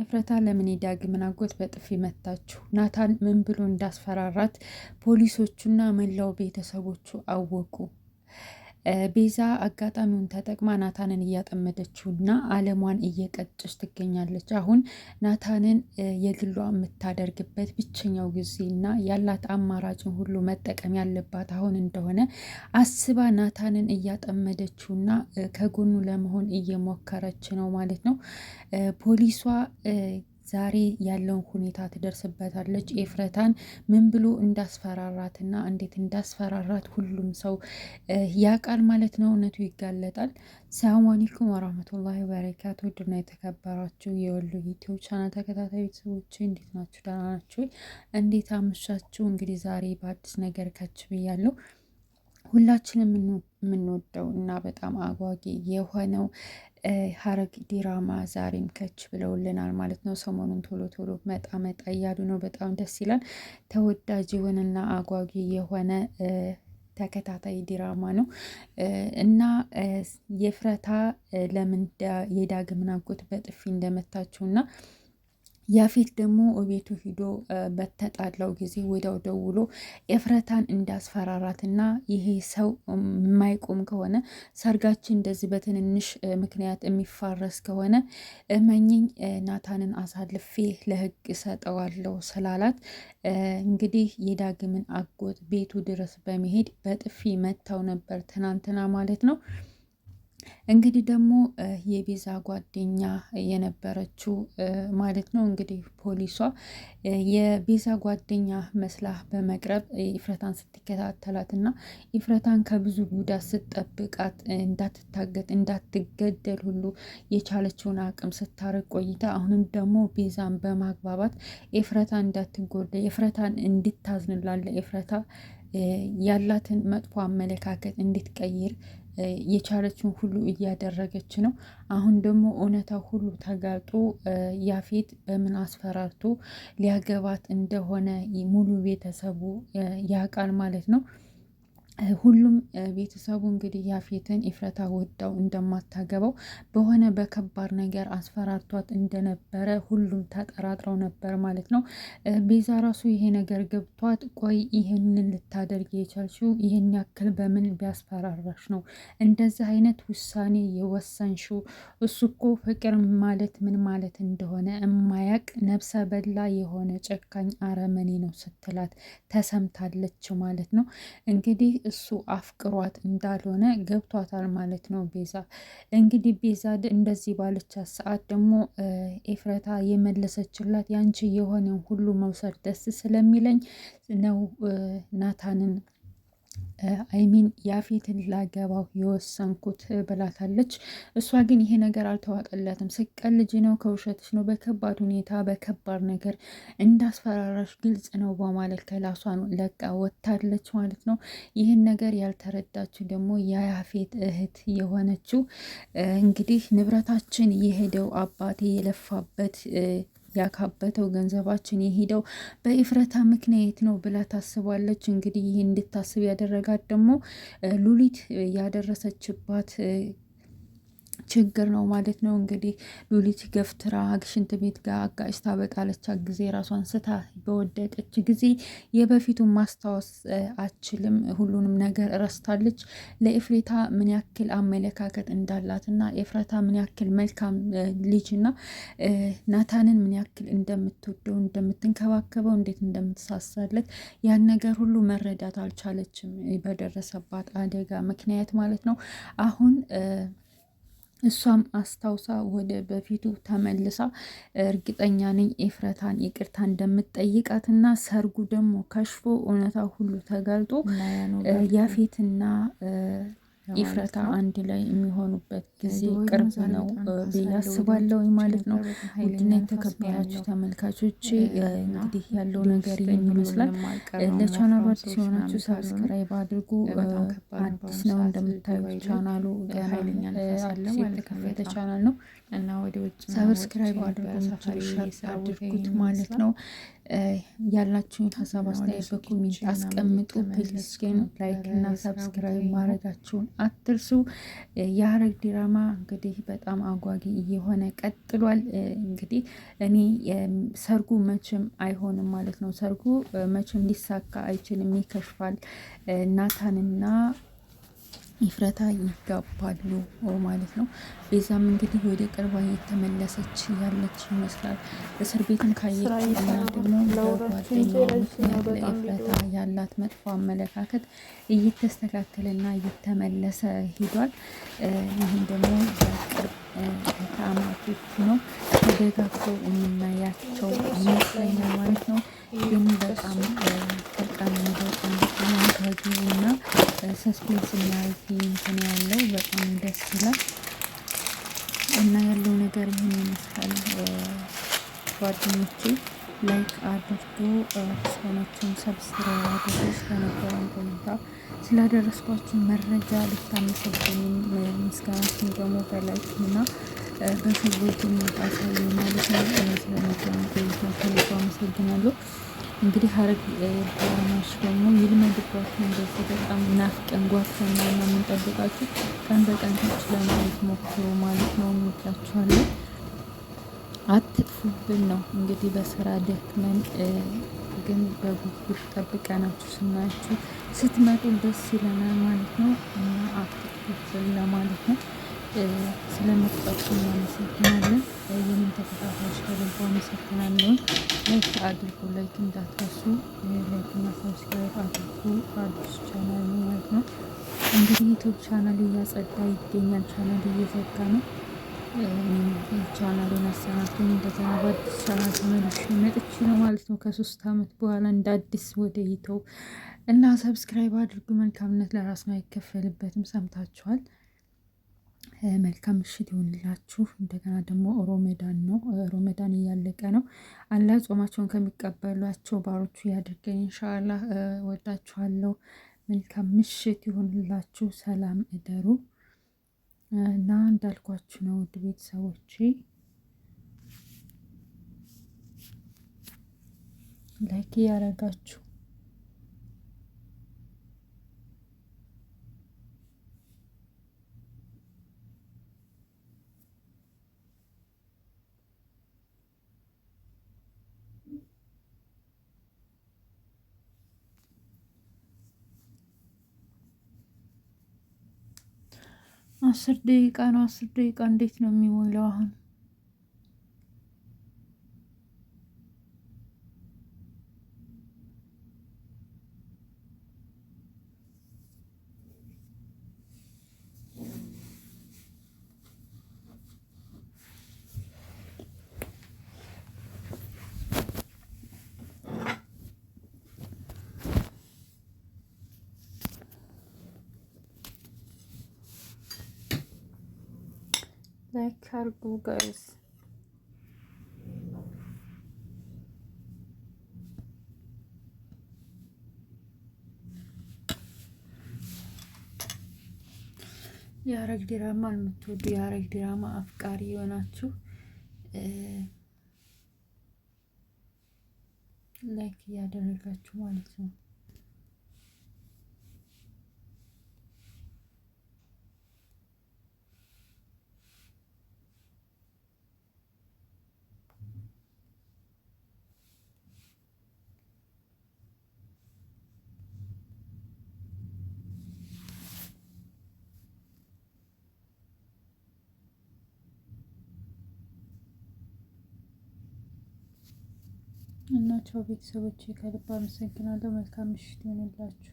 ኤፍረታ ለምን ዳግ ምናጎት በጥፊ መታችሁ? ናታን ምን ብሎ እንዳስፈራራት ፖሊሶቹና መላው ቤተሰቦቹ አወቁ። ቤዛ አጋጣሚውን ተጠቅማ ናታንን እያጠመደችው እና አለሟን እየቀጨች ትገኛለች። አሁን ናታንን የግሏ የምታደርግበት ብቸኛው ጊዜ እና ያላት አማራጭን ሁሉ መጠቀም ያለባት አሁን እንደሆነ አስባ ናታንን እያጠመደችውና ከጎኑ ለመሆን እየሞከረች ነው ማለት ነው። ፖሊሷ ዛሬ ያለውን ሁኔታ ትደርስበታለች። ኤፍረታን ምን ብሎ እንዳስፈራራትና እንዴት እንዳስፈራራት ሁሉም ሰው ያውቃል ማለት ነው። እውነቱ ይጋለጣል። ሰላም አለይኩም ወራህመቱላሂ ወበረካቱ። ውድና የተከበራችሁ የወሎ ዩቲዩብ ቻናል ተከታታይ ቤተሰቦች እንዴት ናችሁ? ደህና ናችሁ? እንዴት አመሻችሁ? እንግዲህ ዛሬ በአዲስ ነገር ከች ብያለሁ። ሁላችንም የምንወደው እና በጣም አጓጊ የሆነው ሀረግ ዲራማ ዛሬም ከች ብለውልናል ማለት ነው። ሰሞኑን ቶሎ ቶሎ መጣ መጣ እያሉ ነው። በጣም ደስ ይላል። ተወዳጅ የሆነና አጓጊ የሆነ ተከታታይ ዲራማ ነው እና የፍረታ ለምን የዳግምን አጎት በጥፊ እና ያፌት ደግሞ ቤቱ ሂዶ በተጣላው ጊዜ ወዲያው ደውሎ ኤፍረታን እንዳስፈራራትና ይሄ ሰው የማይቆም ከሆነ ሰርጋችን እንደዚህ በትንንሽ ምክንያት የሚፋረስ ከሆነ እመኝኝ ናታንን አሳልፌ ለህግ እሰጠዋለሁ ስላላት እንግዲህ የዳግምን አጎት ቤቱ ድረስ በመሄድ በጥፊ መታው ነበር ትናንትና ማለት ነው። እንግዲህ ደግሞ የቤዛ ጓደኛ የነበረችው ማለት ነው እንግዲህ ፖሊሷ የቤዛ ጓደኛ መስላ በመቅረብ ኢፍረታን ስትከታተላት እና ኢፍረታን ከብዙ ጉዳት ስትጠብቃት እንዳትታገት እንዳትገደል ሁሉ የቻለችውን አቅም ስታረግ ቆይታ አሁንም ደግሞ ቤዛን በማግባባት ኤፍረታ እንዳትጎዳ ኤፍረታን እንድታዝንላለ ኤፍረታ ያላትን መጥፎ አመለካከት እንድትቀይር የቻለችን ሁሉ እያደረገች ነው። አሁን ደግሞ እውነታው ሁሉ ተጋልጦ ያፌት በምን አስፈራርቶ ሊያገባት እንደሆነ ሙሉ ቤተሰቡ ያውቃል ማለት ነው። ሁሉም ቤተሰቡ እንግዲህ ያፌትን ኢፍረታ ወዳው እንደማታገባው በሆነ በከባድ ነገር አስፈራርቷት እንደነበረ ሁሉም ተጠራጥረው ነበር ማለት ነው። ቤዛ ራሱ ይሄ ነገር ገብቷት፣ ቆይ ይህንን ልታደርግ የቻልሽው ይህን ያክል በምን ቢያስፈራራሽ ነው እንደዚህ አይነት ውሳኔ የወሰንሽው? እሱ እኮ ፍቅር ማለት ምን ማለት እንደሆነ እማያቅ ነብሰ በላ የሆነ ጨካኝ አረመኔ ነው ስትላት ተሰምታለች ማለት ነው እንግዲህ እሱ አፍቅሯት እንዳልሆነ ገብቷታል ማለት ነው። ቤዛ እንግዲህ ቤዛ እንደዚህ ባለቻት ሰዓት ደግሞ ኤፍረታ የመለሰችላት ያንቺ የሆነ ሁሉ መውሰድ ደስ ስለሚለኝ ነው ናታንን አይሚን ያፌትን ላገባው የወሰንኩት ብላታለች። እሷ ግን ይሄ ነገር አልተዋጠላትም። ስቀልጅ ነው፣ ከውሸትሽ ነው፣ በከባድ ሁኔታ በከባድ ነገር እንዳስፈራራሽ ግልጽ ነው በማለት ከላሷን ለቃ ወታለች ማለት ነው። ይህን ነገር ያልተረዳችው ደግሞ የያፌት እህት የሆነችው እንግዲህ ንብረታችን የሄደው አባቴ የለፋበት ያካበተው ገንዘባችን የሄደው በኢፍረታ ምክንያት ነው ብላ ታስባለች። እንግዲህ ይህ እንድታስብ ያደረጋት ደግሞ ሉሊት ያደረሰችባት ችግር ነው ማለት ነው። እንግዲህ ሉሊት ገፍትራ ሽንት ቤት ጋር አጋጭታ በጣለቻት ጊዜ ራሷን ስታ በወደቀች ጊዜ የበፊቱን ማስታወስ አችልም፣ ሁሉንም ነገር ረስታለች። ለኤፍሬታ ምን ያክል አመለካከት እንዳላት እና ኤፍረታ ምን ያክል መልካም ልጅ እና ናታንን ምን ያክል እንደምትወደው እንደምትንከባከበው፣ እንዴት እንደምትሳሳለት ያን ነገር ሁሉ መረዳት አልቻለችም፣ በደረሰባት አደጋ ምክንያት ማለት ነው አሁን እሷም አስታውሳ ወደ በፊቱ ተመልሳ እርግጠኛ ነኝ ኤፍረታን ይቅርታ እንደምትጠይቃትና ሰርጉ ደግሞ ከሽፎ እውነታ ሁሉ ተገልጦ ያፌትና ኢፍረታ አንድ ላይ የሚሆኑበት ጊዜ ቅርብ ነው ብዬ አስባለሁ ማለት ነው። ውድና የተከበራችሁ ተመልካቾች እንግዲህ ያለው ነገር ይህን ይመስላል። ለቻናሉ አዲስ የሆናችሁ ሳብስክራይብ አድርጉ። አዲስ ነው እንደምታዩ ቻናሉ ገና አዲስ የተከፈተ ቻናል ነው። እና ወደ ውጭ ሰብስክራይብ አድርጉት ማለት ነው። ያላችሁን ሀሳብ አስተያየት በኮሜንት አስቀምጡ። ፕሊስን ላይክ እና ሰብስክራይብ ማድረጋችሁን አትርሱ። የሀረግ ድራማ እንግዲህ በጣም አጓጊ እየሆነ ቀጥሏል። እንግዲህ እኔ ሰርጉ መቼም አይሆንም ማለት ነው። ሰርጉ መቼም ሊሳካ አይችልም፣ ይከሽፋል። ናታንና ኢፍረታ ይጋባሉ ማለት ነው። ቤዛም እንግዲህ ወደ ቅርቧ እየተመለሰች ያለች ይመስላል። እስር ቤትን ካየና ደግሞ ለኢፍረታ ያላት መጥፎ አመለካከት እየተስተካከለና እየተመለሰ ሂዷል። ይህም ደግሞ በቅርብ ተአማቾች ነው ተደጋግተው የምናያቸው ይመስለኛል ማለት ነው። ግን በጣም በጣም አምታጁ እና ሰስፔንስ ናይቲ እንትን ያለው በጣም ደስ ይላል እና ያለው ነገር ይህን ይመስላል። ጓደኞቼ ላይክ አድርጎ ሰሆናቸውን ሰብስክራይብ አድርጎ ስለነበረን ቆይታ ስላደረስኳችሁ መረጃ ልታመሰግኑ ምስጋናችን ደግሞ በላይክ እና በሰዎች የሚጣሳሉ ማለት ነው። ስለነበረን ቆይታ ከልብ አመሰግናለሁ። እንግዲህ ሀረግ ድራማዎች ደግሞ ይልመድባችሁ። እንደዚህ በጣም ናፍቀን ጓጉተን ነው የምንጠብቃችሁ። ቀን በቀን ታች ለማየት ሞክሩ ማለት ነው። እንወዳችኋለን፣ አትጥፉብን ነው እንግዲህ በስራ ደክመን ግን በጉጉት ጠብቀናችሁ ስናችሁ ስትመጡ ደስ ይለናል ማለት ነው እና አትጥፉብን ለማለት ነው። ስለመጥፋቱ እናመሰግናለን። የምን ተከታታዮች ከልቦ አመሰግናለሁ። ላይክ አድርጉ፣ ላይክ እንዳትረሱ። ሰብስክራይብ አድርጉ። አዲስ ቻናል ማለት ነው እንግዲህ ዩቱብ ቻናል እያጸዳ ይገኛል። ቻናል እየዘጋ ነው። እንደገና በአዲስ ቻናል ተመልሼ መጥቼ ነው ማለት ነው ከሶስት አመት በኋላ እንደ አዲስ ወደ ዩቱብ እና ሰብስክራይብ አድርጉ። መልካምነት ለራስ ነው አይከፈልበትም። ሰምታችኋል። መልካም ምሽት ይሆንላችሁ። እንደገና ደግሞ ሮመዳን ነው። ሮመዳን እያለቀ ነው። አላህ ጾማቸውን ከሚቀበሏቸው ባሮቹ ያድርገን። እንሻላ ወዳችኋለሁ። መልካም ምሽት ይሆንላችሁ። ሰላም እደሩ እና እንዳልኳችሁ ነው ውድ ቤተሰቦች፣ ላይክ እያረጋችሁ አስር ደቂቃ ነው። አስር ደቂቃ እንዴት ነው የሚሞላው አሁን? ላይክ አርጉ ጋይስ። የሀረግ ድራማ የምትወዱ የሀረግ ድራማ አፍቃሪ የሆናችሁ ላይክ እያደረጋችሁ ማለት ነው። እና ቻው ቤተሰቦቼ ከልብ አመሰግናለሁ። መልካም ምሽት ይሆንላችሁ።